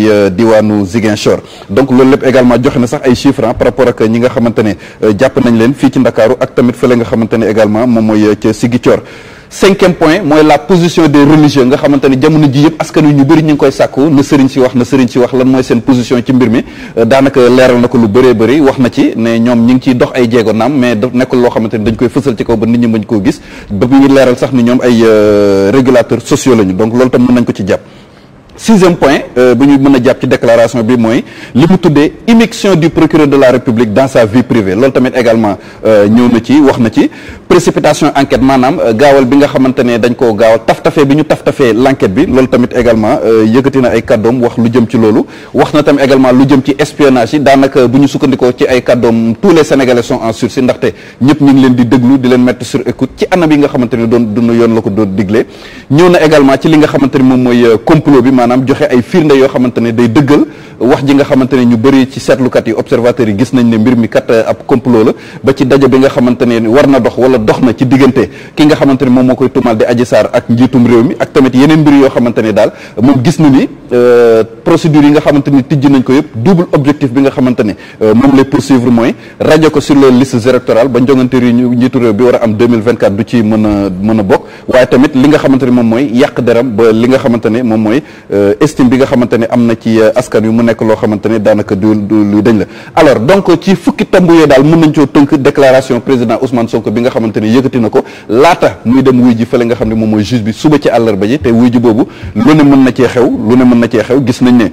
ay euh, diwaanu Ziguinchor donc loolu lépp également joxe na sax ay chiffres par rapport ak ñi nga xamante ne euh, jàpp nañ leen fii ci Ndakaaru ak tamit fële nga xamante ne également moom mooy euh, ca Ziguinchor cinquième point mooy la position de religieux nga xamante ne jamono ji yëpp askan wi ñu bëri ñu ngi koy sàkku na sëriñ si wax na sëriñ si wax lan mooy seen position ci mbir mi daanaka leeral na ko lu bëree bëri wax na ci ne ñoom ñu ngi ciy dox ay jéego naam mais nekkul loo xamante ne ni ñoom ay régulateurs sociaux lañu donc loolu tam mën nañ ko ci sixième point euh, bi ñu mën a jàpp ci déclaration bi mooy li mu tuddee immixtion du procureur de la république dans sa vie privée loolu tamit également euh, na ci wax na ci précipitation enquête maanaam euh, gaawal bi nga xamante ne dañ koo gaaw taftafee bi ñu taftafee l'enquête bi loolu tamit également yëkkati na ay kàddoom wax lu jëm ci loolu wax na tamit également lu jëm ci espionnage yi daanaka bu ñu sukkandikoo ci ay kàddoom tous les sénégalais sont en sursis ndaxte ñëpp ñu ngi leen di déglu di leen mettre sur écoute ci anam yi nga xamante ne doon dund yoon la ko doon diglee ñëw na également ci li nga xamante ne moom mooy complot maanaam joxe ay firnde yoo xamante ne day dëggal wax ji nga xamante ne ñu bëri ci seetlukat yi observateurs yi gis nañ ne mbir mi kat euh, ab complot la ba ci daje bi nga xamante ne war na dox wala dox na ci diggante ki nga xamante ne moom moo koy tumal di Adji Sarr ak njiitum réew mi yeneen mbir yoo xamante ne daal gis na euh, yi nga xamante ni tijj nañ ko yëpp double objectif bi nga xamante ne euh, moom lay mooy rajo ko sur les listes électorales ba njongante yi ñu njiitu réew bi war am 2024 du ci mën a a bokk li nga xamante ne moom mooy yàq deram ba li nga xamante ne moom mooy estime bi nga xamante ne am na ci askan yu mu nekk loo xamante ne daanaka du luy dañ la alors donc ci fukki tomb yooyu daal mën nañ coo tënk déclaration président Ousmane Sonko bi nga xamante ne yëkkati na ko laata muy dem wuy ji fële nga xam ne moom mooy juge bi suba ci àllarba ji te wuy ji boobu lu ne mën na cee xew lu ne mën na cee xew gis nañ ne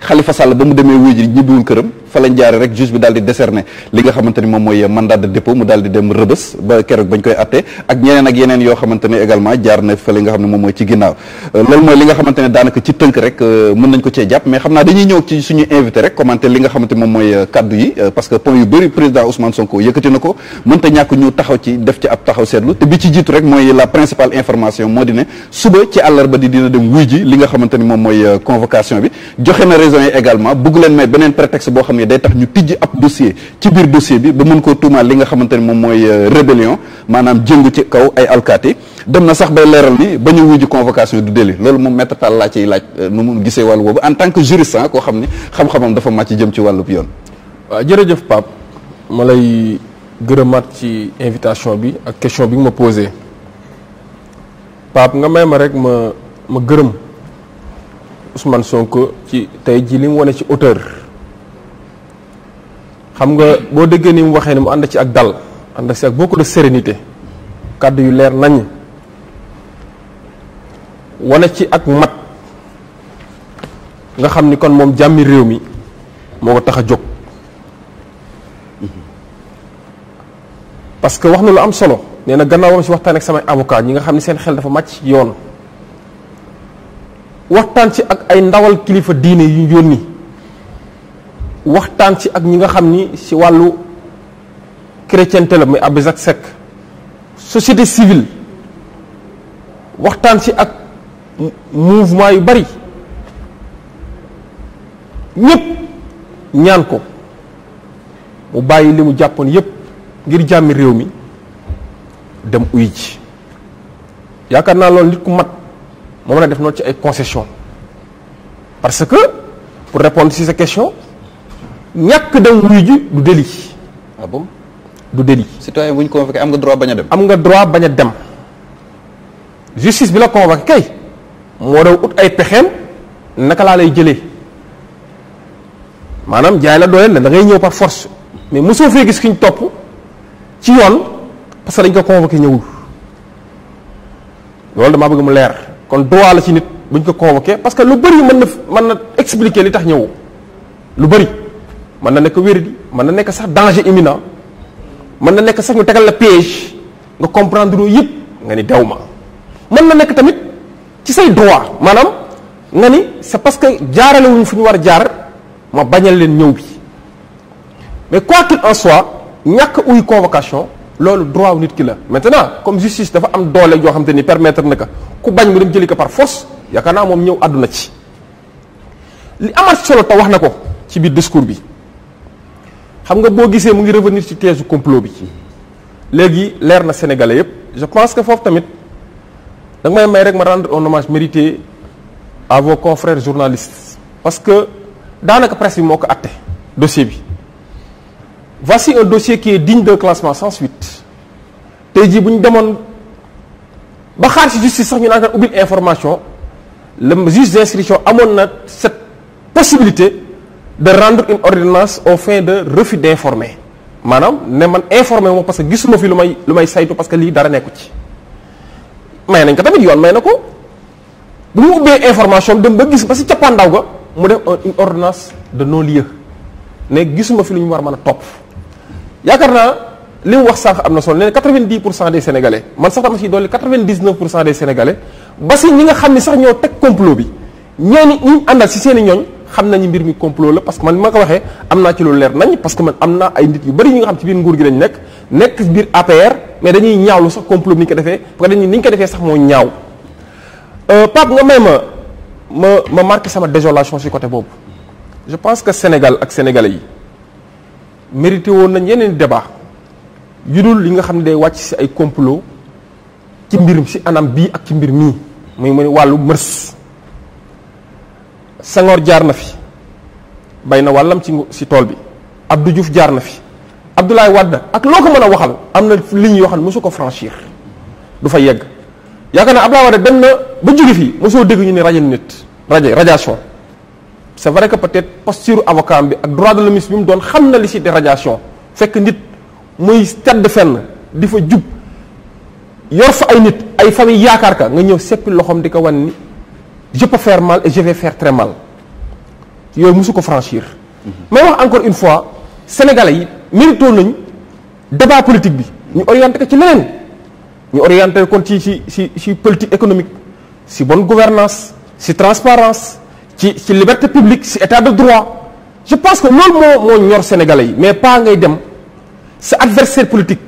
Khalifa Sall ba mu demee wuy ji ñibbiwul këram fa lañ jaare rek juge bi daal di décerner li nga xamante moom mooy mandat de dépôt mu daal di dem rëbës ba keroog bañ koy atte ak ñeneen ak yeneen yoo xamante également jaar na fa nga xam moom mooy euh, kaddu euh, euh, yi parce que point yu bëri président Ousmane Sonko yëkkati na ko mënta ñàkk ñu taxaw ci def ci ab taxaw seetlu te bi ci jiitu rek mooy la principale information moo di suba ci àllarba di dina dem wuy ji li nga xamante moom mooy convocation day tax ñu tijji ab dossier ci biir dossier bi ba mën koo tuumaal li nga xamante ne moom mooy euh, rébellion maanaam jëngu ci kaw ay alkaati dem na sax bay leeral ni ba ñu wujji convocation du délit loolu moom maître Tall laa ciy laaj euh, nu mu gisee wàllu boobu en tant que juriste ah, ko xam ni xam-xamam dafa màcc jëm ci wàllub yoon. waaw jërëjëf Pape ma lay gërëmaat ci invitation bi ak question bi ma posé Pape nga may ma rek ma ma gërëm Ousmane Sonko ci tey ji li mu wane ci auteur. xam nga boo déggee ni mu waxee ni mu ànd ci ak dal ànd ci ak beaucoup de sérénité kàddu yu leer nañ wane ci ak mat nga xam ni kon moom jàmmi réew mi moo ko tax a jóg parce que wax na lu am solo nee na gannaaw ma si waxtaan ak samay avocat ñi nga xam ni seen xel dafa màcc yoon waxtaan ci ak ay ndawal kilifa diine yu ñu yónni waxtaan si ak ñi nga xam ni si wàllu chrétienté la muy Abbé Jacques Seck société civile waxtaan si ak mouvement yu bari ñëpp ñaan ko mu bàyyi li mu jàppoon yëpp ngir jàmmi réew mi dem uy ji yaakaar naa loolu nit ku mat moo mën def noonu ci ay concession parce que pour répondre si sa question ñàkk dem wuy ji du délit. ah du délit. citoyen bu ñu convoqué am nga droit bañ a dem. nga droit bañ dem justice bi la convoqué kay moo doon ut ay pexeem naka laa lay jëlee maanaam jaay la dooleel la da ngay ñëw par force mais mosoo fee gis ki ñu topp ci yoon parce que dañ ko convoqué ñëwul loolu damaa bëgg mu leer kon droit la ci nit bu ñu ko convoqué parce que lu bëri mën na mën na expliquer li tax ñëw lu bari mën na nekk wérdi mën na nekk sax danger imminent mën na nekk sax ñu tegal la piège nga comprendre yëpp nga ni dew ma mën na nekk tamit ci say droit maanaam nga ni c'est parce que jaarale wuñ fu ñu war a jaar ma bañal leen ñëw bi mais quoi qu'il en soit ñàkk uy convocation loolu droit wu nit ki la maintenant comme justice dafa am doole yoo xam te ni permettre na ko ku bañ mu dem jëli ko par force yaakaar naa moom ñëw àdduna ci li amaat solo te wax na ko ci biir discours bi xam nga boo gisee mu ngi revenir ci teesu complot bi ci léegi leer na sénégalais yëpp je pense que foofu tamit da may may rek ma rendre un hommage mérité à vos confrères journalistes parce que daanaka presse bi moo ko atte dossier bi voici un dossier qui est digne d'un sans suite tey jii bu ñu demoon ba xaar si justice sax ñu naan ubbil information le juge d'instruction amoon na cette possibilité de rendre une ordonnance au fin de refus d'informer maanaam ne man informé wu parce que gisuma fi lu may lu may saytu parce que lii dara nekku ci may nañ ko tamit yoon may na ko bu mu ubbee information dem ba gis ba si cappaandaw ga mu def une ordonnance de non lieu ne gisuma fi lu ñu war mën a topp yaakaar naa li mu wax sànq am na solo nee na 90 pour cent des sénégalais man sax dama si dolli 99 pour cent des sénégalais ba si ñi nga xam ne sax ñoo teg complot bi ñooñu ñu àndal si seen i ñooñ xam nañu mbir mi complot la parce que man ma ko waxee am naa ci lu leer nañ parce que man am naa ay nit yu bëri ñi nga xam ci biir nguur gi lañ nekk nekk biir APR mais dañuy ñaawlu sax complot bi ni ñu ko defee parce que ko defee sax moo ñaaw euh, Pape nga may ma ma ma marqué sama désolation si côté boobu je pense que Sénégal ak Sénégalais yi mérité woon nañ yeneen débat yu dul li nga xam ne day wàcc si ay complot ci mbir si anam bii ak ci mbir mii mu mu ne wàllu mërs Senghor jaar na fi bay na wàllam ci si tool bi Abdou Diouf jaar na fi Abdoulaye Wade ak loo ko mën a waxal am na li ñuy xam ne mosu ko franchir du fa yegg yaakaar naa Abdoulaye Wade dem na ba jóge fii soo dégg ñu ne rajo nit rajo radiation c'est vrai que peut-être posture avocat bi ak droit de l'homme bi mu doon xam na li ci rajation fekk nit muy tedd fenn di fa jub yor fa ay nit ay famille yaakaar ka nga ñëw seppi loxoom di ko wan ni je peux faire mal et je vais très mal yooyu musu ko franchir. mais wax encore une fois sénégalais yi méritoon nañ débat politique bi. ñu orienté ko ci leneen ñu orienté kon ci ci ci ci politique économique ci bonne gouvernance ci transparence ci ci liberté publique ci état de droit je pense que loolu moo moo ñor sénégalais yi mais pas ngay dem sa adversaire politique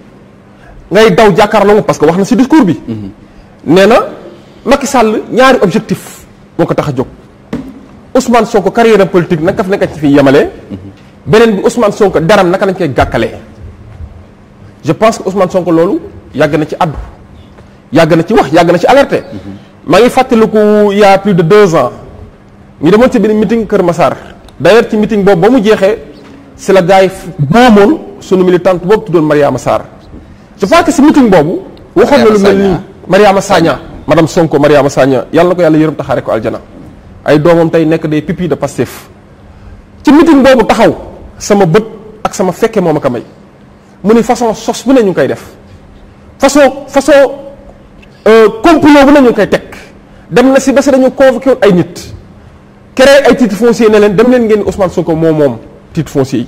ngay daw jàkkaarloo parce que wax na ci discours bi. Mhm. nee na Macky Sall ñaari objectif moo ko tax a jóg Ousmane Sonko carrière politique naka fi nekk ci fi yemale. beneen bi Ousmane Sonko daram naka lañ koy gàkkale je pense que Ousmane Sonko loolu yàgg na ci àddu yàgg na ci wax yàgg na ci alerté maa ngi fàttaliku il y plus de deux ans ñu demoon ci benn meeting Kër Massar d'ailleurs ci meeting boobu ba mu jeexee si la gars yi boomoon sunu militante boobu tuddoon Mariama Sarr je pense que si meeting boobu waxoon na lu mel ni Mariama Sagna madame Sonko Mariama Sagna yàlla na ko yàlla yërëm taxaare ko aljana ay doomam tey nekk des pipis de Pastef ci meeting boobu taxaw sama bët ak sama fekke moom aka a may mu ni façon sos bu ne ñu koy def façon façon euh, complot bu ne ñu koy teg dem na si ba si dañu convoqué woon ay nit créé ay titre foncier ne leen dem leen ngeen Ousmane Sonko moom moom tiit foncier yi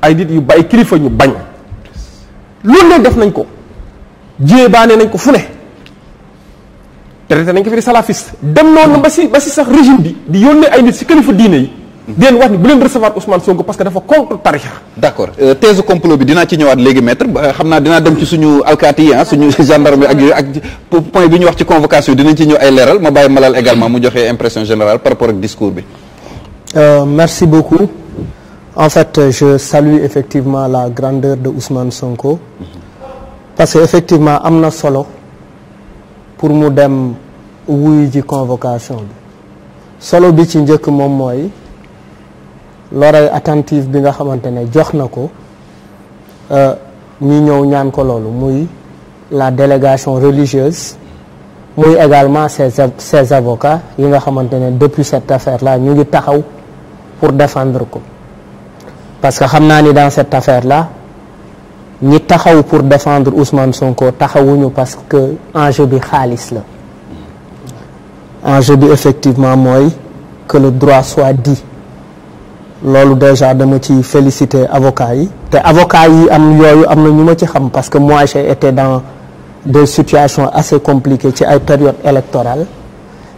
ay nit yu bàyyi kilifa ñu bañ loolu ne def nañ ko jéebaane nañ ko fu ne traité nañ ko fi di salafiste dem noonu ba si sax régime bi di yónnee ay nit si kilifa diine yi deen wax ni bu leen recevoir Ousmane Sonko parce que dafa contre tarixa d'accord euh, thèse complot bi dinaa ci ñëwaat léegi maître xam naa dinaa dem ci suñu alkaati yi ah suñu gendarme ak yooyu ak point bi ñu wax ci convocation dinañ ci ñëw ay leeral ma bàyyi malal également mu joxe impression générale par rapport ak discours bi euh, merci beaucoup en fait je salue effectivement la grandeur de Ousmane Sonko parce que effectivement am na solo pour mu dem wuyu ci convocation bi solo bi ci njëkk moom mooy l'oreille attentive bi nga xamante ne jox na ko euh, ñi ñëw ñaan ko loolu muy la délégation religieuse muy également ses ses avocats yi nga xamante ne depuis cette affaire la ñu ngi taxaw pour défendre ko parce que xam naa ni dans cette affaire la ñi taxaw pour défendre Ousmane Sonko taxawuñu parce que enjeu bi xaalis la enjeu bi effectivement mooy que le droit soit di loolu déjà dama ci féliciter avocats yi te avocats yi am yooyu am na ñu ma ci xam parce que moi j'ai été dans des situations assez compliquées ci ay période électorale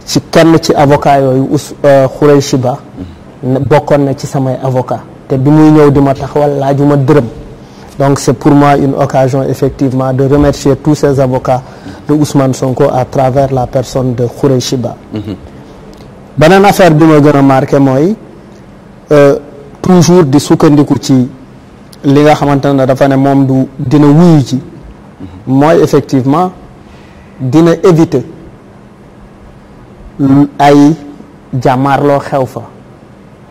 ci kenn ci avocat yooyu us euh, Khoureychi Ba bokkoon na ci samay avocat te bi muy ñëw di ma taxawal laaju ma dërëm Donc c'est pour moi une occasion effectivement de remercier tous ces avocats de Ousmane Sonko à travers la personne de Khoureychi Ba. Mhm. beneen affaire bi ma gën a marqué mooy euh, toujours di sukkandiku ci li nga xamante ne dafa ne moom du dina wuyu ci mhm. mooy effectivement dina éviter ay jàmmaarloo xew fa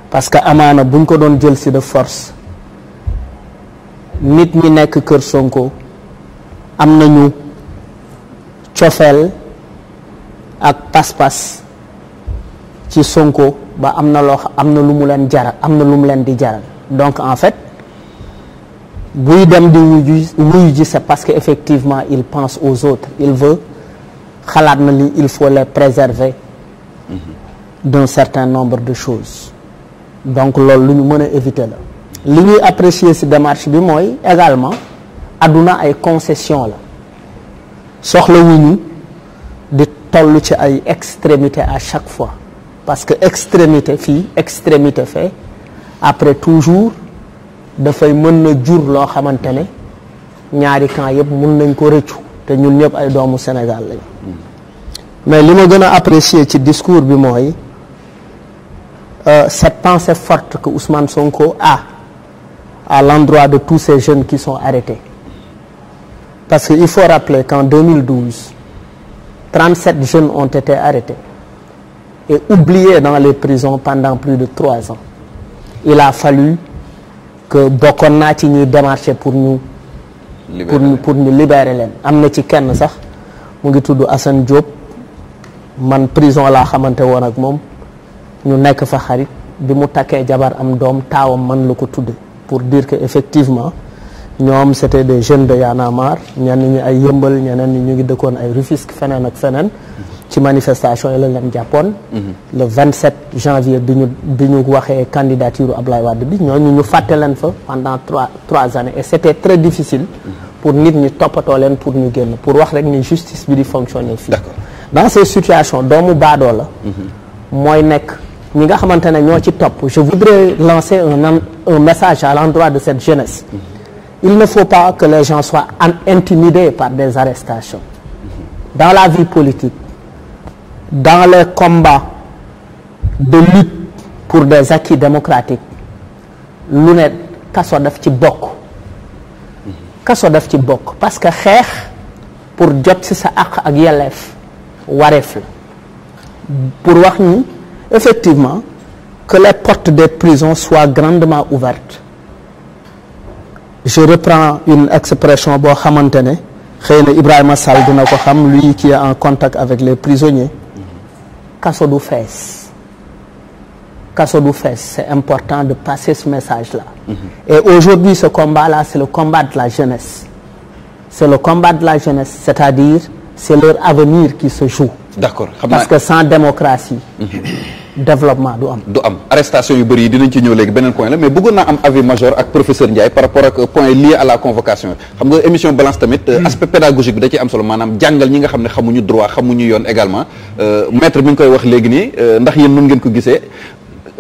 parce que amaana buñ ko doon jël si de force nit ñi nekk kër Sonko am na nañu cofeel ak pas-pas ci Sonko ba am na loo am na lu mu leen jaral am na lu mu leen di jaral donc en fait buy dem di wuyu wuyu ji c'est parce que effectivement il pense aux autres il veut xalaat na li il faut les préserver mm-hmm. d'un certain nombre de choses donc loolu lu ñu mën a éviter la li ñuy apprécier ci démarche bi mooy également àdduna ay concession la soxlawuñu di toll ci ay extrémité à chaque fois parce que extremité fii extrémité fee après toujours dafay mën na jur loo xamante ne ñaari camp yëpp mën nañ ko rëccu te ñun ñëpp ay doomu Sénégal lañ mais li ma gën a apprécier ci discours bi mooy euh, cette pensée forte que Ousmane Sonko a à l'endroit de tous ces jeunes qui sont arrêtés. Parce qu'il faut rappeler qu'en 2012, 37 jeunes ont été arrêtés et oubliés dans les prisons pendant plus de trois ans. Il a fallu que bokkoon naa ci ñuy démarché pour ñu. pour pour ñu libérer leen am na ci kenn sax mu ngi tudd Assane Diop man prison laa xamante woon ak moom ñu nekk fa xarit bi mu takkee jabar am doom taawam man la ko tudde pour dire que effectivement ñoom c'était des jeunes de Y'en a marre ñenn ñi ay yëmbal ñeneen ñi ñu ngi dëkkoon ay Rufisque feneen ak feneen ci manifestation yi lañ leen jàppoon mhm. le 27 janvier bi ñu bi ñu waxee candidature Ablaye Wade bi ñooñu ñu fàtte leen fa pendant trois trois années et c'était très difficile mhm. pour nit ñi toppatoo leen pour ñu génn pour wax rek ni justice bi di fonctionner fii dans ces situations doomu baadoo la mhm. mooy nekk ñi nga xamante ne ñoo ci topp je voudrais lancer un message à l'endroit de cette jeunesse il ne faut pas que les gens soient intimidés par des arrestations dans la vie politique dans les combats de lutte pour des acquis démocratiques lu ne kaso daf ci bokk kaso daf ci bokk parce que xeex pour jot si sa àq ak yelleef wareef la pour wax ñi effectivement que les portes des prisons soient grandement ouvertes je reprends une expression boo xamante ne xëy na Ibrahima Sall dina ko xam lui qui est en contact avec les prisonniers caso du fees kaso du fees c'est important de passer ce message là mm -hmm. et aujourd'hui ce combat là le combat la jeunesse c'est le combat de la jeunesse c'est-à-dire c'est leur avenir qui se joue. d'accord xam naa parce que sans démocratie. développement du am. du am arrestation yu bëri yi dinañ ci ñëw léegi beneen point la mais bëggoon naa am avis major ak professeur Ndiaye par rapport ak point lié à la convocation xam nga émission balance tamit. Euh, hmm. aspect pédagogique bi da ciy am solo maanaam jàngal ñi nga xam ne xamuñu droit xamuñu yoon également euh, metre mi ngi koy wax léegi nii euh, ndax yéen nun ngeen ko gisee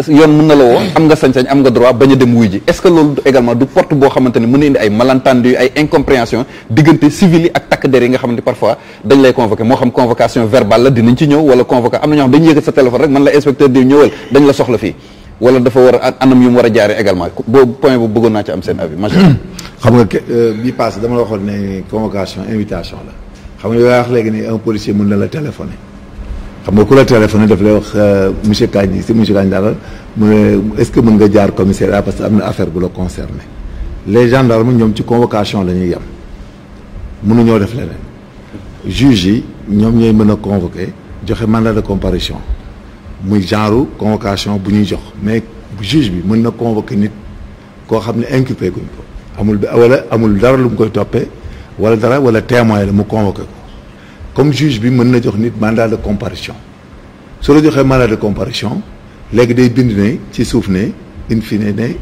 yoon mën na la woo am nga sañ-sañ am nga droit bañ a dem wuy ji est-ce que loolu également du porte boo xamante ne mën na indi ay malentendu ay incompréhension diggante civil yi ak takk der yi nga xamante parfois dañ lay convoqué moo xam convocation verbale la dinañ ci ñëw wala convoqué am na ñoo xam dañuy yëkkat sa téléphone rek man la inspecteur di ñëwal dañ la soxla fii wala dafa war a anam yu war a jaare également boobu point bu bëggoon naa ci am seen avis macha xam nga euh, bii passé dama la la xam nga yoo wax léegi ni la téléphoner xam nga ku la téléphoné daf lay wax euh, monsieur Kandji si monsieur daal dara mu ne est-ce que mën nga jaar commissariat parce que am na affaire bu la concerné les gendarmes ñoom ci convocation la ñuy yem mënuñoo def leneen juge yi ñoom ñooy mën a convoqué joxe mandat de comparution muy genre convocation bu ñuy jox mais juge bi mën na convoqué nit koo xam ne inculpé guñ ko amul wala amul dara lu mu koy toppee wala dara wala témoin la mu convoqué ko comme juge bi mën na jox nit mandat de comparition su la joxee mandat de comparition léegi day bind ne ci suuf ne in ne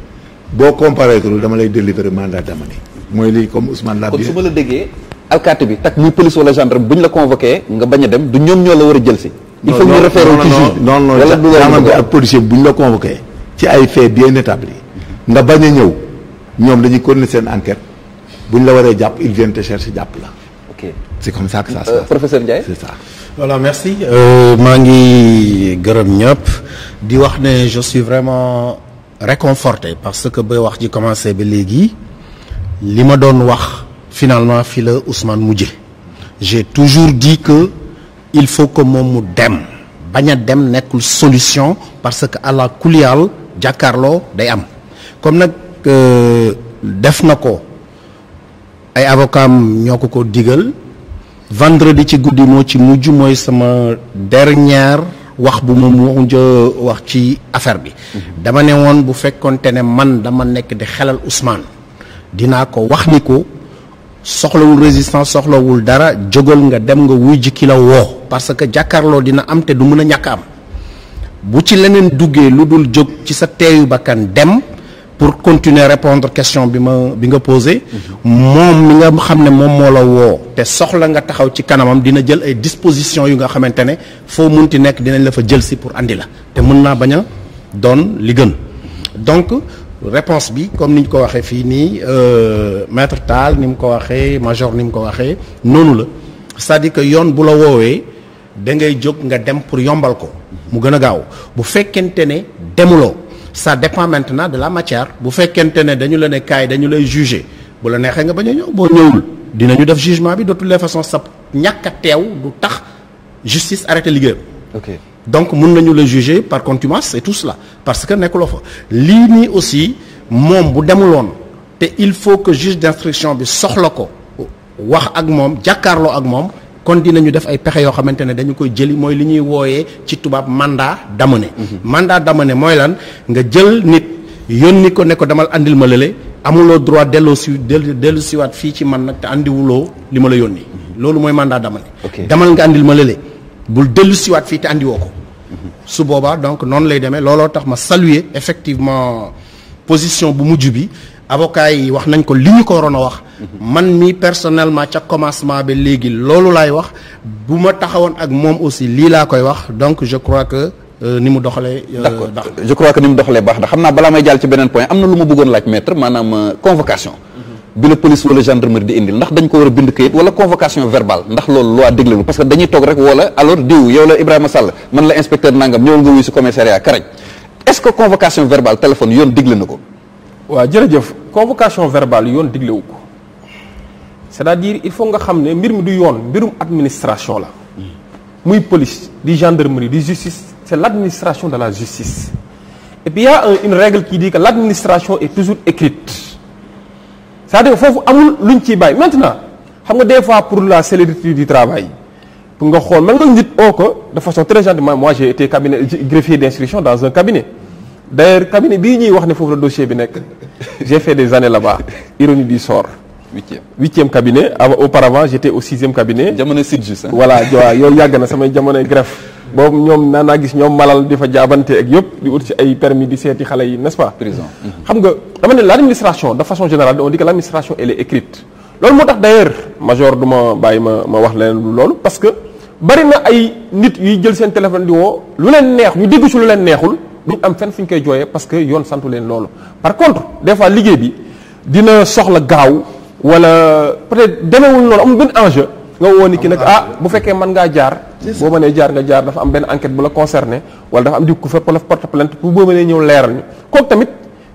boo comparaître dama lay délivrer mandat d'amener mooy lii comme Ousmane Labié kon su ma la déggee alkaati bi tak muy police wala gendarme bu ñu la convoqué nga bañ a dem du ñoom ñoo la war a jël si il faut ñu référé ci juge non non gendarme ak policier bu ñu la convoqué ci ay fait bien établi nga bañ a ñëw ñoom dañuy continuer seen enquête bu ñu la waree jàpp ils viennent te chercher c'est comme ça que ça se euh, passe. merci euh, maa ngi gërëm ñëpp di wax ne je suis vraiment réconforté parce que ba wax ji commencé ba léegi li ma doon wax finalement fi la Ousmane mujje j'ai toujours dit que il faut que moom mu dem bañ a dem nekkul solution parce que àla kuliyal jàkkaarloo day am comme nag euh, def na ko ay avocat ñoo ko ko digal vendredi ci guddi moo ci mujj mooy sama dernière wax bu ma mujj wax ci affaire bi mhm. dama ne woon bu fekkonte ne man dama nekk di xelal Ousmane dinaa ko wax ni ko soxlawul résistance soxlawul dara jógal nga dem nga wujj kilo ki woo parce que jàkkaarloo dina am te du mën a ñàkk am bu ci leneen duggee lu dul jóg ci sa teeyu bakkan dem pour continuer répondre question bi ma bi nga posé moom mi nga xam ne moom moo la woo te soxla nga taxaw ci kanamam dina jël ay dispositions yu nga xamante ne foo mun munti nekk dinañ la fa jël si pour andi la te mën naa baña a doon li gën donc réponse bi comme ni ñu ko waxee fii nii euh, maître Tall ni mu ko waxee major ni mu ko waxee noonu la cest di que yoon bu la woowee da ngay jóg nga dem pour yombal ko mu gën a gaaw bu fekkente ne demuloo sa dépend maintenant de la matière bu fekkente ne dañu la ne kaay dañu lay juger bu la neexee nga ba ñu ñëw boo ñëwul dinañu def jugement bi de toutes les façons sa ñàkk teew du tax justice arrêté liggéeyam. donc mun nañu lay juger par contumace et tout cela parce que nekkuloo fa lii nii aussi moom bu demuloon te il faut que juge d'instruction bi soxla ko wax ak moom jàkkaarloo ak moom. kon dinañu def ay pexe yoo xamante ne dañu koy jëli mooy li ñuy wooyee ci tubaab mandat d'amener. Mhm. mandat d'amener mooy lan nga jël nit yónni ko ne ko damal àndil ma lële amuloo droit delloo si dellu siwaat fii ci man nag te andiwuloo li ma la yónni. Mhm. loolu mooy mandat d'amener. demal nga àndil ma lële bul dellu siwaat fii te andiwoo ko. Mhm. su boobaa donc noonu lay demee looloo tax ma saluer effectivement position bu mujj bi. avocat yi wax nañ ko li ñu ko waroon a wax. man mi personnellement ca commencement ba léegi loolu laay wax bu ma taxawoon ak moom aussi lii laa koy wax donc je crois que euh, ni mu doxalee. Euh, d'accord je crois que ni mu doxalee baax na xam naa balaa may jàll ci beneen point am na lu ma bëggoon laaj maître maanaam euh, convocation. Mhm. bi la police wala gendarmerie di indil ndax dañ ko war a bind kayit wala convocation verbale ndax loolu loi déglu parce que dañuy toog rek wala la Ibrahima Sall ko. waaw jërëjëf convocation verbale yoon diglewu ko c'est-à-dire il faut nga xam ne mbir mi du yoon mbirum administration la muy police di gendarmerie di justice c'est l'administration de la justice et puis il y a une règle qui dit que l'administration est toujours écrite c'est-à-dire foofu amul luñ ciy bàyyi maintenant xam nga des fois pour la célérité du travail pour nga xool mën nga nit oo oh, ko de façon très gentiment moi j'ai été cabinet greffier d'instruction d'ailleurs cabinet bii ñuy wax ne foofu la dossier bi nekk j'ai fait des années là-bas ironie du sort huitième huitième cabinet auparavant j'étais au sixième cabinet jamono sidjus voilà waaw yooyu yàgg na samay jamonoy greffe boobu ñoom naa naa gis ñoom malal di fa jaabante ak yëpp di ut ci ay permis di seeti xale yi n'est-ce pas xam nga dama ne l'administration de façon générale on dit que l'administration elle écrite loolu moo tax d'ailleurs major du ma bàyyi ma ma wax leneen loolu parce que bari na ay nit yuy jël seen téléphone di woo lu leen neex ñu dégg lu leen neexul duñ am fenn ñu koy jooyee parce que yoon santu leen loolu par contre des fois liggéey bi dina soxla gaaw wala peut-être demeewul noonu amul benn enjeu nga woo ni ki nag ah bu fekkee mën ngaa jaar boo mënee jaar nga jaar dafa am benn enquête bu la concerné wala dafa am di ku fa porte plainte pour boo mënee ñëw leeral ñu kooku tamit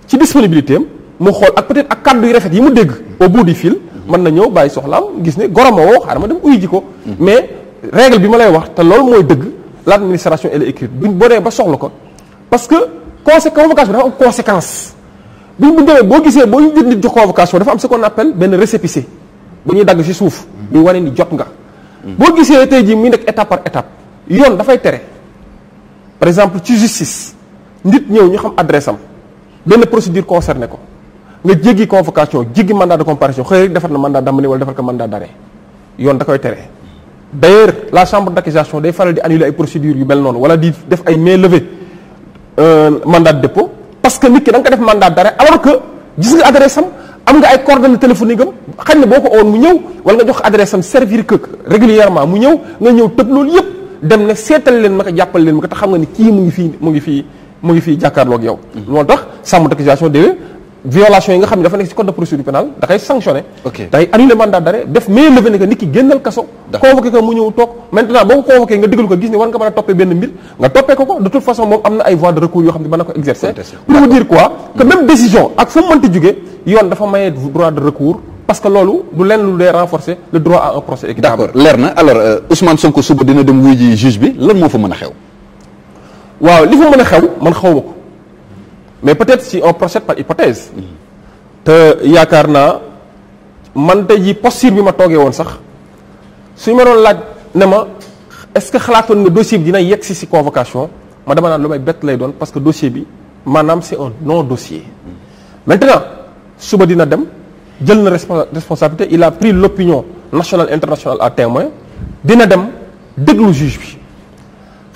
ci disponibilité am mu xool ak peut-être ak kàddu yu rafet yi mu dégg au bout du fil mën na ñëw bàyyi soxlaam gis ne goroma woo xaaral ma dem ji ko mm. mais règle bi ma lay wax te loolu mooy dëgg l'administration elle est écrite buñ boo dee ba soxla ko parce que conse convocation dafa am conséquence bu ñu boo gisee boo ñu nit jox convocation dafa am ce qu'on appelle benn récépissé bu ñuy dagg ci suuf. muy wane ni jot nga. boo gisee tey jii muy nekk étape par étape yoon dafay tere par exemple ci justice nit ñëw ñu xam adresse am benn procédure concerné ko nga jéggi convocation jéggi mandat de comparution xëy rek defar na mandat d'amener wala defar ko mandat d'arrêt yoon da koy tere. d'ailleurs la chambre d'accusation day faral di annuler ay wala di def ay main levée. Euh, mandat de dépôt parce que nit ki da nga ko def mandat dara alors que gis nga adresse am am nga ay coordonnées téléphoniques am xañ na boo ko oon mu ñëw wala nga jox adresse am servir que régulièrement mu ñëw nga ñëw tëb loolu yëpp dem ne seetal leen ma ko jàppal leen ma ko te xam nga ni kii mu ngi fii mu ngi fii mu ngi fii jàkkaarloog yow. Mm-hmm. loolu tax sàmm d' accusation déwén violation yi nga xam ne dafa nekk ci code de procédure pénale da koy day annulé mandat d'arrêt def mais levé ne nit ki génnal kaso convoqué ko mu ñëw toog maintenant boo ko convoqué nga déglu ko gis ni war nga mën a toppee benn mbir nga toppee ko ko de toute façon moom am na ay voies de yoo xam ne mën na ko exercer pour mm-hmm. que même décision ak fu mu mënti jógee yoon dafa maye droit de recours parce que loolu du lenn lu dee renforcer le droit à un équitable leer na euh, waaw li fa mën man xaw ma ko mais peut-être si on procède par hypothèse te yaakaar naa man tey jii posture bi ma toogee woon sax suñu ma doon laaj ne ma est-ce que xalaatoon nga dossier bi dina yegg si si convocation ma dama naan lu may bett lay doon parce que dossier bi maanaam c'est un non dossier maintenant suba dina dem jël na responsabilité il a pris l'opinion nationale internationale à témoin dina dem déglu juge bi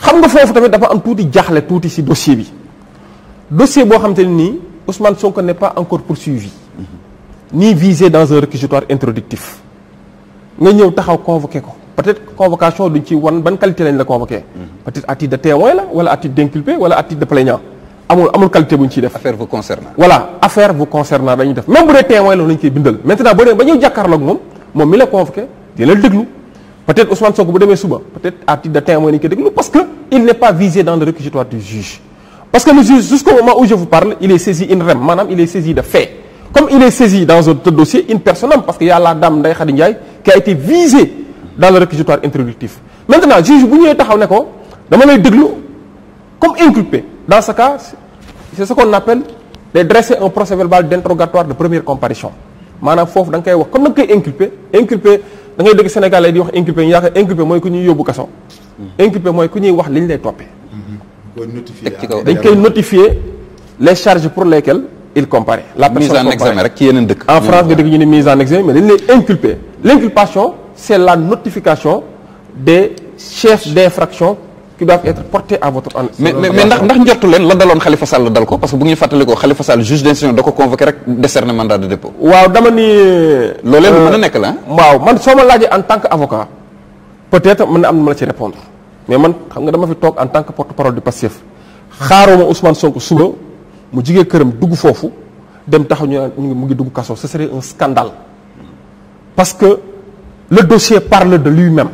xam nga foofu tamit dafa am tuuti jaaxle tuuti si dossier bi dossier boo xam te ne nii Ousmane Sonko n'est pas encore poursuivi ni visé dans un réquisitoire introductif nga ñëw taxaw convoqué ko peut convocation duñ ci wan ban qualité lañ la convoqué. peut-être à titre la wala à d'inculpé wala à titre de amul amul qualité bu ñu ciy def. affaire vous concernant. voilà affaire vous concernant dañuy def même bu dee témoin la lañ koy bu demee suba peut koy déglu parce que il n'est pas visé dans le parce que le juge jusqu'au moment où je vous parle il est saisi in rem maanaam il est saisi de fait comme il est saisi dans un dossier in personam parce que y a la dame Ndeye Khady Ndiaye qui a été visée dans le réquisitoire introductif maintenant juge bu ñëwee taxaw ne ko dama lay déglu comme inculpé dans ce cas c'est ce qu'on appelle de dresser un procès verbal d'interrogatoire de première comparution maanaam foofu da nga wax comme da nga inculpé inculpé mooy ku ñuy yóbbu kaso inculpé mooy ku ñuy wax li ñu lay toppee teg ci kaw dañ koy notifier les charges pour lesquelles il comparaît la personne mise en examen rek ci yeneen dëkk en France nga dégg ñu ne mise en examen mais dañ lay inculper l'inculpation c'est la notification des chefs d'infraction qui doivent être portés à votre en mais mais ndax ndax njortu leen la daloon Khalifa Sall dal ko parce que bu ngeen fàttalikoo Khalifa Sall juge d'instruction da ko convoqué rek décerner mandat de dépôt waaw dama ni euh, loolu leen mën euh, nekk la waaw man soo ma laajee en tant que avocat peut-être mën na am na mais man xam nga dama fi toog en tant que porte parole du Pastef ma Ousmane Sonko suba mu jigee këram dugg foofu dem taxaw ñu mu ngi dugg kasoo ce serait un scandale parce que le dossier parle de lui-même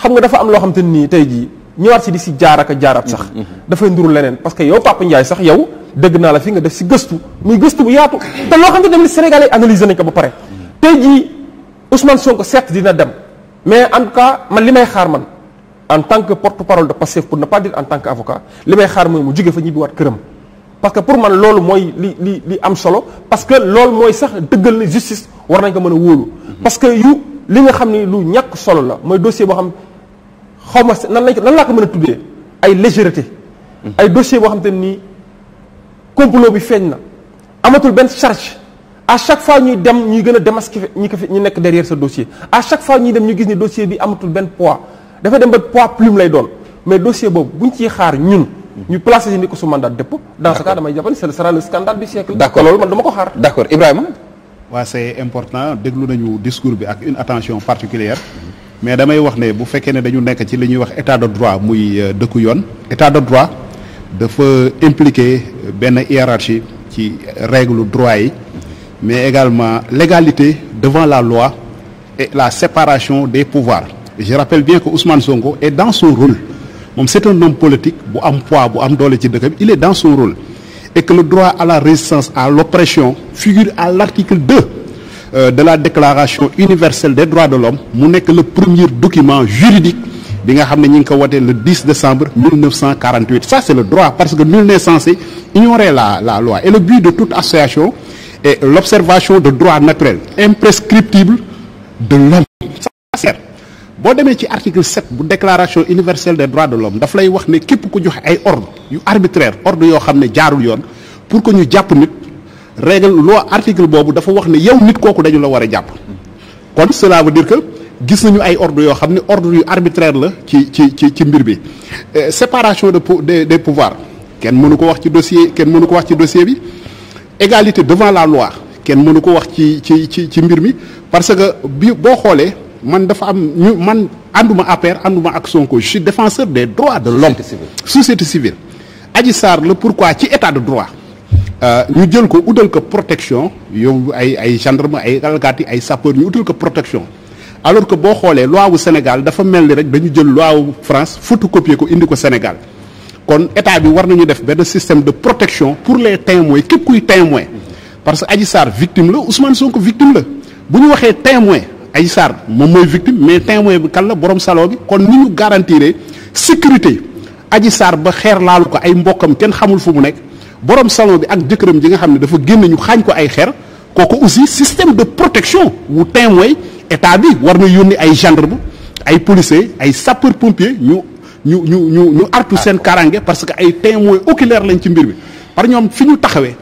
xam nga dafa am loo xam te nii tey jii ñëwaat si di si jaar ak sax mm-hmm, mm-hmm. dafay nduru leneen parce que yow Papa Ndiaye sax yow dégg naa la fi nga def si gëstu muy gëstu bu yaatu te loo xam te dem li Sénégalais yi nañ ko ba pare mm-hmm. tey jii Ousmane Sonko certes dina dem mais en man li may xaar man en tant que porte-parole de Pastef pour ne pas dire en tant que avocat li may xaar mooy mu jóge fa ñibbiwaat këram parce que pour man loolu mooy li li li am solo parce que loolu mooy sax dëggal ni justice war nañ ko mën a wóolu. parce que yu li nga xam ni lu ñàkk solo la mooy dossier boo xam xaw ma nan lañ nan laa ko mën a tuddee ay légèreté. Mm-hmm. ay dossier boo xam te nii complot bi feeñ na amatul benn charge. à chaque fois ñuy dem ñuy gën a démasquer ñi ko ñu nekk derrière ce dossier à chaque fois ñuy dem ñu gis ni dossier bi amatul benn poids. dafay dem ba pois plume lay doon mais dossier boobu bu buñ ciy xaar ñun. ñu placé ni ko su mandat dépôt. dans ce cas damay jàpp ne ce sera le scandale du siècle. d' accord loolu man dama ko xaar. d' accord Ibrahima. waaw est important déglu nañu discours bi ak une attention particulière mais damay wax ne bu fekkee ne dañu nekk ci li ñuy wax état de droit muy euh, dëkku yoon. état de droit dafa impliquer benn hiérarchie ci règle droit yi mais également légalité devant la loi et la séparation des pouvoirs. je rappelle bien que Ousmane Sonko est dans son rôle moom c'est un homme politique bu am poids bu am doole ci dëkk bi il est dans son rôle et que le droit à la résistance à l'oppression figure à l'article 2 euh, de la déclaration universelle des droits de l'homme mu nekk le premier document juridique bi nga xam ne ñi ngi ko wotee le 10 décembre 1948 ça c'est le droit parce que nul n'est ignorer la la loi et le but de toute association est l'observation de droits naturels boo demee ci article 7 bu déclaration universelle des droits de l'homme daf lay wax ne képp ko joxe ay ordre yu arbitraire ordre yoo xam ne jaarul yoon pour que ñu jàpp nit règle loo article boobu dafa wax ne yow nit kooku dañu la war a jàpp kon cela veut dire gis nañu ay ordre yoo xam ne ordre yu arbitraire la ci ci ci ci mbir bi euh, séparation de des des pouvoirs kenn mënu ko wax ci dossier kenn mënu ko wax ci dossier bi égalité devant la loi kenn mënu ko wax ci ci ci ci mbir mi parce que bi boo xoolee man dafa am ñu man ànduma APR ànduma ak Sonko je suis défenseur de droits de l'homme société civile Adji Sarr la pourquoi ci état de droit euh, ñu jël ko utal ko protection yow ay ay gendarme ay alkaati ay sapeur ñu utal ko alors que boo xoolee loi Sénégal dafa mel ni rek dañu jël loi wu France photocopier ko indi ko Sénégal kon état bi war nañu def benn système de protection pour les témoins képp kuy témoin parce que Adji Sarr victime la Ousmane Sonko victime la bu ñu waxee témoin Adji Sarr moom mooy victime mais témoin bi kan la borom salon bi kon ni ñu garantiré sécurité Adji Sarr ba xeer laal ko ay mbokkam kenn xamul fu mu nekk borom salon bi ak jëkkëram ji nga xam ne dafa génn ñu xaañ ko ay xeer kooku aussi système de protection wu témoin état bi war na yónni ay gendarme ay policier ay sapeur pompier ñu ñu ñu ñu ñu artu seen karange parce que ay témoin oculaire lañ ci mbir bi par ñoom fi ñu taxawee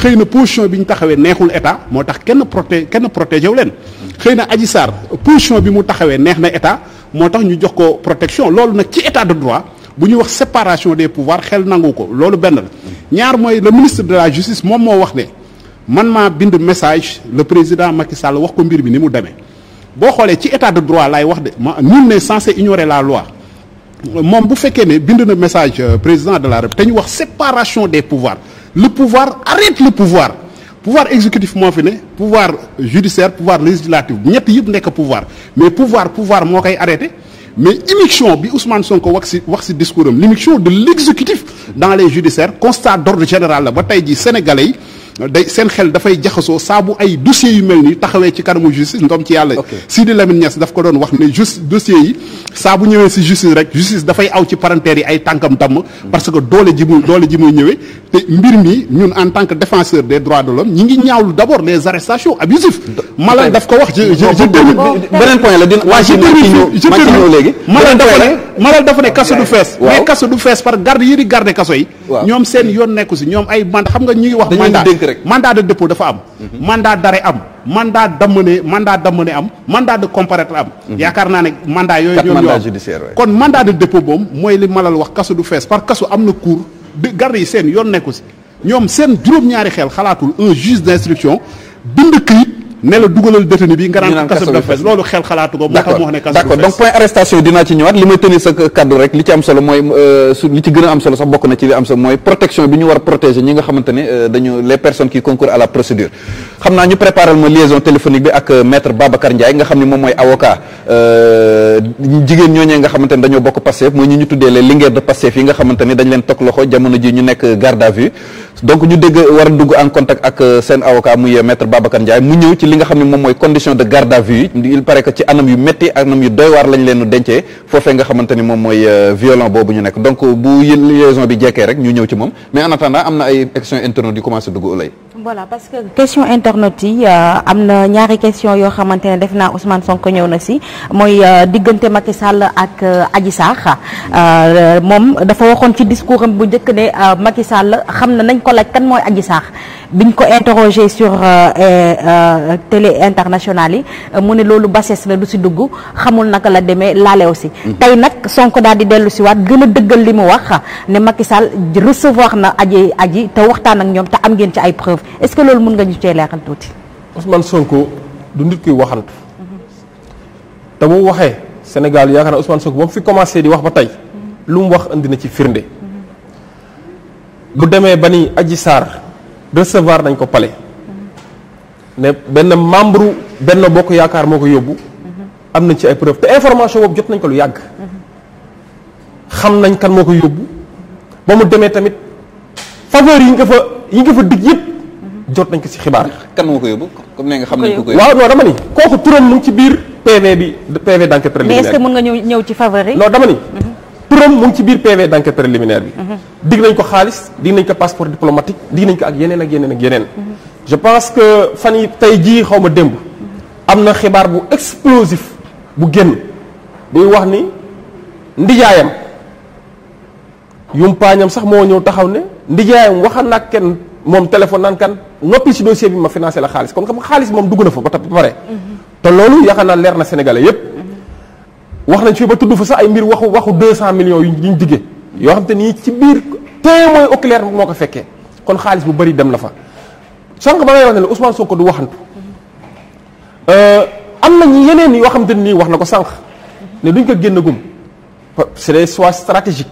xëy na position bi ñu taxawee neexul état moo tax kenn proté kenn protégé wu leen xëy na Adji Sarr position bi mu taxawee neex na état moo tax ñu jox ko protection loolu nag ci état de droit bu ñu wax séparation des pouvoirs xel nangu ko loolu benn la ñaar mooy le ministre de la justice moom moo wax ne man maa bind message le président Macky Sall wax ko mbir bi ni mu demee boo xoolee ci état de droit laay wax de ma nul n'est censé ignorer la loi moom bu fekkee ne bind na message euh, président de la République te ñu wax séparation des pouvoirs le pouvoir arrête le pouvoir pouvoir exécutif moo fi ne pouvoir judiciaire pouvoir législatif ñett yëpp nekk pouvoir mais pouvoir pouvoir moo koy arrêté mais immixtion bi Ousmane Sonko wax si wax ci discours am l'immixtion de l'exécutif dans les judiciaires constat d'ordre général la ba tey ji sénégalais yi day seen xel dafay jaxasoo saabu ay dossiers yu mel nii taxawee ci kanamu justice ndoom ci yàlla Sidi Lamine Niass daf ko doon wax ne juste dossiers yi saa bu ñëwee si justice rek justice dafay aw ci parentère yi ay tànkam damm parce que doole ji muy doole ji muy ñëwee te mbir mi ñun en tant que défenseur des droits de l'homme ñi ngi ñaawlu d'abord les arrestations abusives Malal dafa ne kaso du fees mais kaso du fees par garde yi di garde kaso yi ñoom seen yoon nekku si ñoom ay mandat rek mandat de dépôt dafa am. Mhm. mandat d'arrêt am. mandat d'amener mandat d'amener am mandat de comparaître am. Mhm. yaakaar naa ne mandat yooyu. ñoom ñoo mandat judiciaire kon mandat de dépôt moom mooy li malal wax kasu du fees par kasu am na cour di garde yi seen yoon nekku si ñoom seen juróom-ñaari xel xalaatul un juge d'instruction bind këyit. ne la dugalal détenu bi nga naan kaso bi fees loolu xel xalaatu ko moo tax mu wax ne donc point arrestation dinaa ci ñëwaat li may tenir sa kaddu rek li ci am solo mooy euh, li ci gën a am solo sax bokk na ci li am solo mooy protection bi ñu war a protéger ñi nga xamante euh, dañu les personnes qui concourent à la procédure xam naa ñu préparer ma liaison téléphonique bi ak euh, maître Babacar Ndiaye nga xam ne moom mooy avocat jigéen ñooñee nga xamante ne li nga xam ne moom mooy condition de garde à vue il paraît que ci anam yu métti anam yu doy waar lañ leen dencee foofee nga xamante ni moom mooy euh, violent boobu ñu nekk donc bu liaison bi jekkee rek ñu ñëw ci moom mais en attendant am na ay action internautes yu commencé dugg olay voilà parce que question internet yi euh, am na ñaari question yoo xamante ne def naa Ousmane sonk ñëw na si mooy euh, diggante Macky Sall ak euh, Adji Sarr moom dafa waxoon ci discours am bu njëkk ne Macky Sall xam na nañ ko laaj kan mooy Adji Sarr biñ ko interrogé sur télé internationale yi mu ne loolu basses la du si dugg xamul naka la demee laale aussi mm-hmm. tey nag Sonko daal di dellu si waat gën a dëggal li mu wax ne Macky Sall recevoir na Adji Adji te waxtaan ak ñoom te am ngeen ci ay preuve est-ce que loolu mën nga ñu cee leeral tuuti. Ousmane Sonko du nit kuy waxantu. te mu waxee Sénégal yaakaar naa Ousmane Sonko ba mu fi commencé di wax ba tey. lu mu wax indi na ci firnde. bu demee ba ni Adji Sarr recevoir nañ ko pale ne benn membre benn bokk yaakaar moo ko yóbbu. am na ci ay preuve te information boobu jot nañ ko lu yàgg. xam nañ kat moo ko yóbbu. ba mu demee tamit faveur yi nga fa yi nga fa dig yëpp. jot nañ ko si xibaar. kan moo ko yóbbu comme ko ko yóbbu. waaw non dama ni kooku turam mu ngi ci biir PV bi PV d' enquête préliminaire mais est ce que mën nga ñëw ñëw ci favori. non ni. Mhm. turam mu ngi ci biir bi. Mhm. dig nañ ko xaalis dig nañ ko passeport diplomatique dig nañ ko ak yeneen ak yeneen ak yeneen. Mhm. je pense que fan yi tey jii xaw démb. am na xibaar bu explosif bu génn buy wax ni ndijaayam yumpaañam sax moo ñëw taxaw ne ndijaayam waxal kenn. moom téléphone naan kan noppi si dossier bi ma financé la xaalis kon xam xaalis moom dugg na fa ba ta ba pare. te loolu yaakaar naa leer na sénégalais yépp wax nañ fi ba tudd fa sax ay mbir waxu waxu 200 millions yu ñu jigee yoo xam te ni ci biir témoin oculaire moo ko fekkee kon xaalis bu bëri dem na fa. sànq ba may wax ne la Ousmane Sonko du waxantu euh, am nañu yeneen yoo xam te nii wax na ko sànq ne duñ ko génn gum c'est des choix stratégiques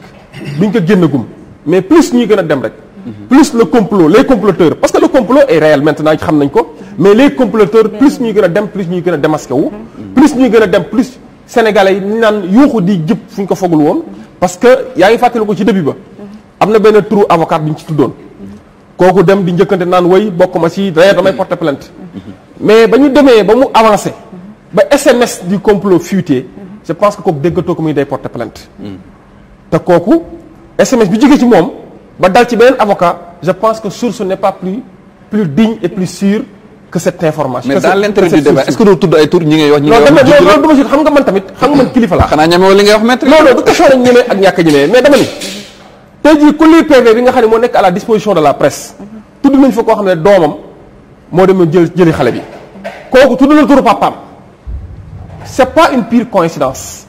duñ ko génn gum mais plus ñuy gën a dem rek. plus le complot les comploteurs parce que le complot est réel maintenant xam nañ ko mais les comploteurs plus ñuy gën a dem plus ñuy gën a démasqué plus ñuy gën a dem plus sénégalais yi naan yuuxu di jëpp fu ñu ko fogul woon parce que yaa ngi fàttali ko ci début ba am na benn trou avocat bi ñu ci tuddoon kooku dem di njëkkante naan way bokk ma si ree damay porter plainte mais ba ñu demee ba mu avancé ba SMS du complot fuité je pense que kooku déggatoo ko m day porter mm. te kooku SMS bi jógee ci moom ba dal ci beneen avocat je pense que source n'est pas plus plus digne et plus sûre que cette information. mais dans l'intérêt du débat est-ce que doo tudd ay tur ñi ngay wax. ñi ngay wax ma nga man tamit xam nga man kilifa laa. xanaa ñemewul li ngay wax maître. non du question lañ ñemee ak ñàkk a ñemee mais dama ni tey jii ku lii bi nga xam ne moo nekk à la disposition de la presse. tudd nañ fa koo xam jël jëli xale bi kooku tudd na turu papaam c'est pas une pure coïncidence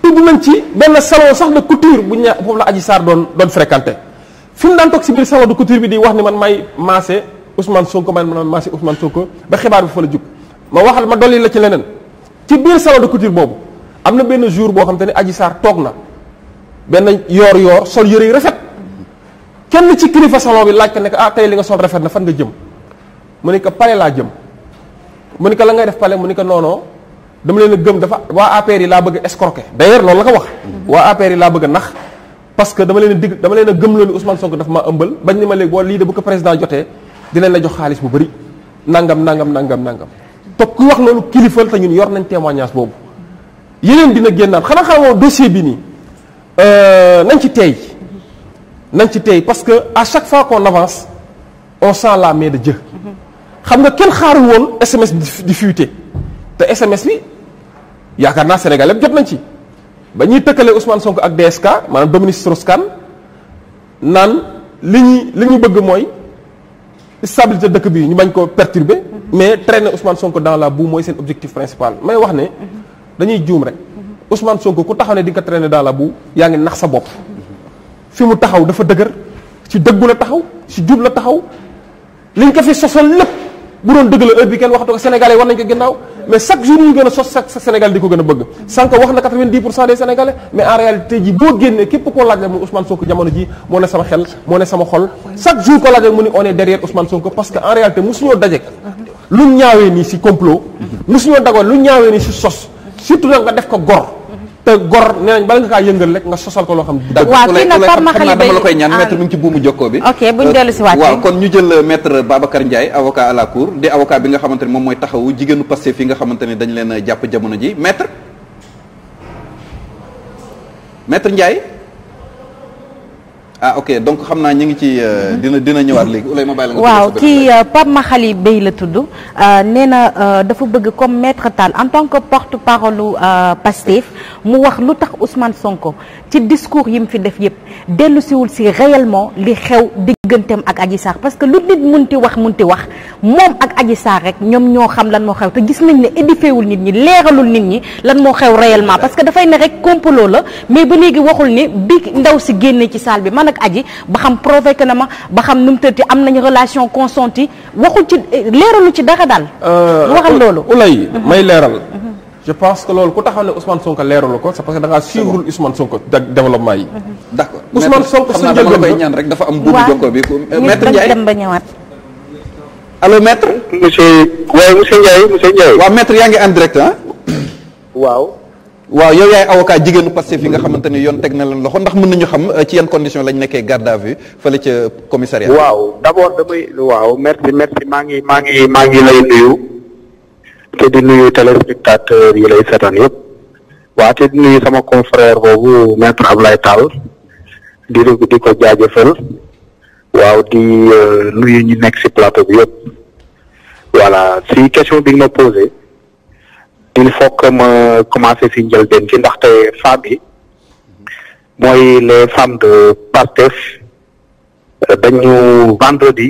tudd nañ ci benn salon sax de couture bu ñu foofu la Adji Sarr doon doon fréquenter. fi mu daan toog si biir salon de bi di wax ni man may maase Ousmane Sonko man man maase Ousmane Sonko ba xibaar bi fa la jub ma waxal ma dolli la ci leneen ci biir salon de boobu am na benn jour boo xam te ne Adji Sarr toog na benn yoor-yoor sol yëre yi rafet kenn ci kilifa salon bi laaj ko ne ah tey li nga sol rafet na fan nga jëm mu ne ko pale laa jëm mu ne ko la ngay def pale mu ne ko noonoo dama leen a gëm dafa waa APR yi laa bëgg a escroquer loolu la ko wax. waa APR yi laa bëgg a nax. parce que dama leen a digg dama leen a gëmloo ni Ousmane Sonko daf maa ëmbal bañ ni ma léegi boo lii de bu ko président jotee dinañ la jox xaalis bu bëri nangam nangam nangam nangam te wax loolu kilifal te ñun yor nañ témoignage boobu yeneen dina génnaat xanaa xamoo dossier bi nii euh, nañ ci tey nañ ci tey parce que à chaque fois qu'on avance on sent la mais da Dieu xam nga kenn xaaru woon SMS di fuité te SMS bi yaakaar naa Sénégal yëpp jot nañ ci ba ñuy tëkkalee usman Sonko ak DSK maanaam Dominique Strauss-Kahn naan li ñuy li ñu bëgg mooy stabilité dëkk bi ñu bañ koo perturber mais traîner Ousmane Sonko dans la boue mooy seen objectif principal may wax ne dañuy juum rek Ousmane Sonko ku taxaw ne di nga traîner dans la boue yaa ngi nax sa bopp fi mu taxaw dafa dëgër ci dëggu la taxaw si jub la taxaw li liñ ko fi sosal lépp bu doon dëgg la heure bi kenn waxatu ko sénégalais war nañ ko ginnaaw mais chaque jour ñu gën a sos sa Sénégal di ko gën a bëgg sànq wax na 90 pour cent des sénégalais mais en réalité ji boo génnee képp koo laaj la mu Ousmane Sonko jamono ji moo ne sama xel moo ne sama xol chaque jour ko laaj mu ni on derrière Ousmane Sonko parce que en réalité mosuñoo dajek lu ñaawee nii si complot mosuñoo dagoon lu ñaawee nii si sos surtout nag nga def ko gor te gor nee nañ bala nga kaa yëngal rek nga sosal ko loo xam ne. waaw kii nag Pape Makhali Bey dama la koy ñaan ah. maître mu ngi ci buumu jokkoo bi. ok bu ñu euh, dellu si waaw kon ñu jël euh, maître Babacar Ndiaye avocat à di avocat bi nga xamante moom mooy taxawu jigéenu Pastef yi nga xamante ne dañ leen jàpp jamono ji maître maître Ndiaye ah ok donc xam naa ñu ngi ci euh, mhm. dina dina ñëwaat léegi. ulay ma bàyyi la waaw kii euh, Pape Makhali Bey la tudd euh, nee na dafa bëgg comme maître Tall en tant que porte parole u Pastef mu wax lu tax Ousmane Sonko ci discours yi mu fi def yëpp dellu siwul si réellement li xew digganteem ak Adji parce que lu nit munti wax munti wax moom ak Adji Sarr rek ñoom ñoo xam lan moo xew te gis nañ ne édifié wul nit ñi leeralul nit ñi lan moo xew réellement parce que dafay ne rek complot la mais ba léegi waxul ni bi ndaw si génnee ci saal bi man ak aji ba xam provoqué na ma ba xam nu mu tëddee am nañu relation consentie waxul ci leeralu ci dara daal. Euh, waxal loolu ulay mhm. mhm. may leeral. Mhm. je pense que loolu ku taxaw ne Ousmane Sonko leeralu ko c'est parce que da ngaa suivre Ousmane Sonko développement yi. d'accord Ousmane Sonko suñu njëlbeen dafa am. waaw jokko bi euh, maître Ndiaye dem yaa ngi en direct ah. waaw. waaw yow yaay avocat jigéenu Pastef yi nga xamante ni yoon teg na leen loxo ndax mën nañu xam euh, ci yan condition lañ nekkee garde à vue fële ca commissariat. waaw d'abord damay waaw merci merci maa ngi maa ngi maa ngi lay nuyu te di nuyu téléspectateurs yi lay seetaan yëpp waa te sama confrère boobu maître Ablaye Tall di di ko jaajëfal waaw di euh, nuyu ñu nekk ci plateau bi yëpp voilà si question bi nga ma posé il faut que ma commencer si njëlbeen ci ndaxte femmes yi mooy les femmes de Pastef dañu euh, vendredi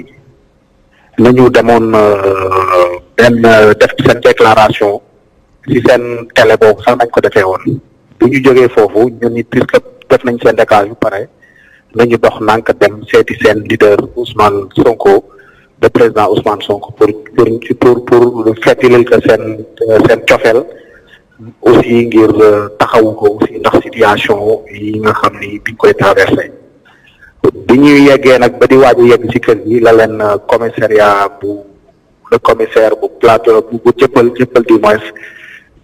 nañu demoon euh, benn euh, def seen déclaration ci seen télé boobu sax nañ ko defee woon bu ñu jógee foofu ñun ñi puisque def nañ seen déclaration bu pare nañu dox nànk dem seeti seen leader Ousmane Sonko de président Ousmane Sonko pour pour pour fettilil ko seen seen cofeel aussi ngir euh, taxawu ko aussi ndax situation yi nga xam ni biñ koy traversé bi ñuy yeggee nag ba di waaj yegg ci kër gi la leen euh, commissariat bu le commissaire bu plateau bu bu jëppal jëppal du moins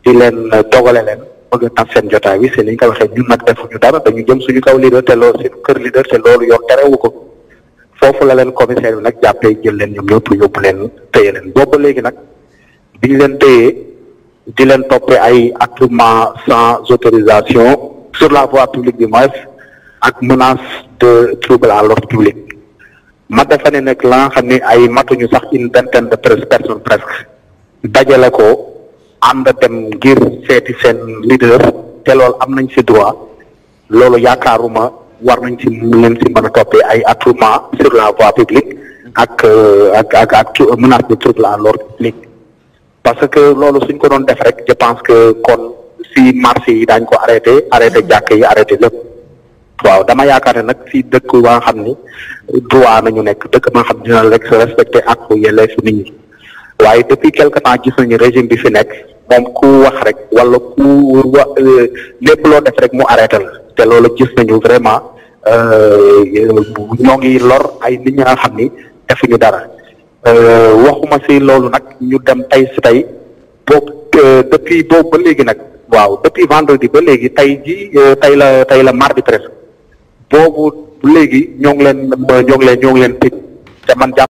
di leen euh, dogale leen bëgg a tas seen jotaay bi c'est li ñu ko waxee ñun nag defuñu dara dañu jëm suñu kaw leader te loolu seen kër leader te loolu yoon terewu ko foofu la leen commissaire bi nag jàppee jël leen ñoom ñëpp leen téye leen boobu léegi nag biñ leen téyee di leen toppee ay attroupement sans autorisation sur la voie publique du moins ak menace de trouble à l'ordre public ma dafa ne nag la xam ne ay matuñu sax une vingtaine de treize personnes presque dajale ko ànd dem ngir seeti seen leader te loolu am nañ ci droit loolu yaakaaruma war nañ ci leen si mën a toppee ay attroupements sur la voie publique ak euh, ak ak ak menace de trouble à l'ordre public parce que loolu suñ ko doon def rek je pense que kon si marché yi daañ ko arrêté arrêté jàkk yi arrêté lépp waaw dama yaakaar ne nag si dëkk ba nga xam ni droit nañu nekk dëkk ba nga xam dina rek se respecté ak yelleefu nit ñi waaye depuis quelque temps gis nañu régime bi fi nekk moom ku wax rek wala ku euh, lépp loo def rek mu arrêté la te loolu gis nañu vraiment euh, ñoo ngi lor ay nit ñi xam ni defuñu dara euh, waxuma si loolu nag ñu dem tey si tey boobu euh, depuis boobu ba léegi nag waaw depuis vendredi ba léegi tey ji tey la tey la mardi presque boobu léegi ñoo ngi leen ñoo ngi leen ñoo ngi leen tëj te man jàpp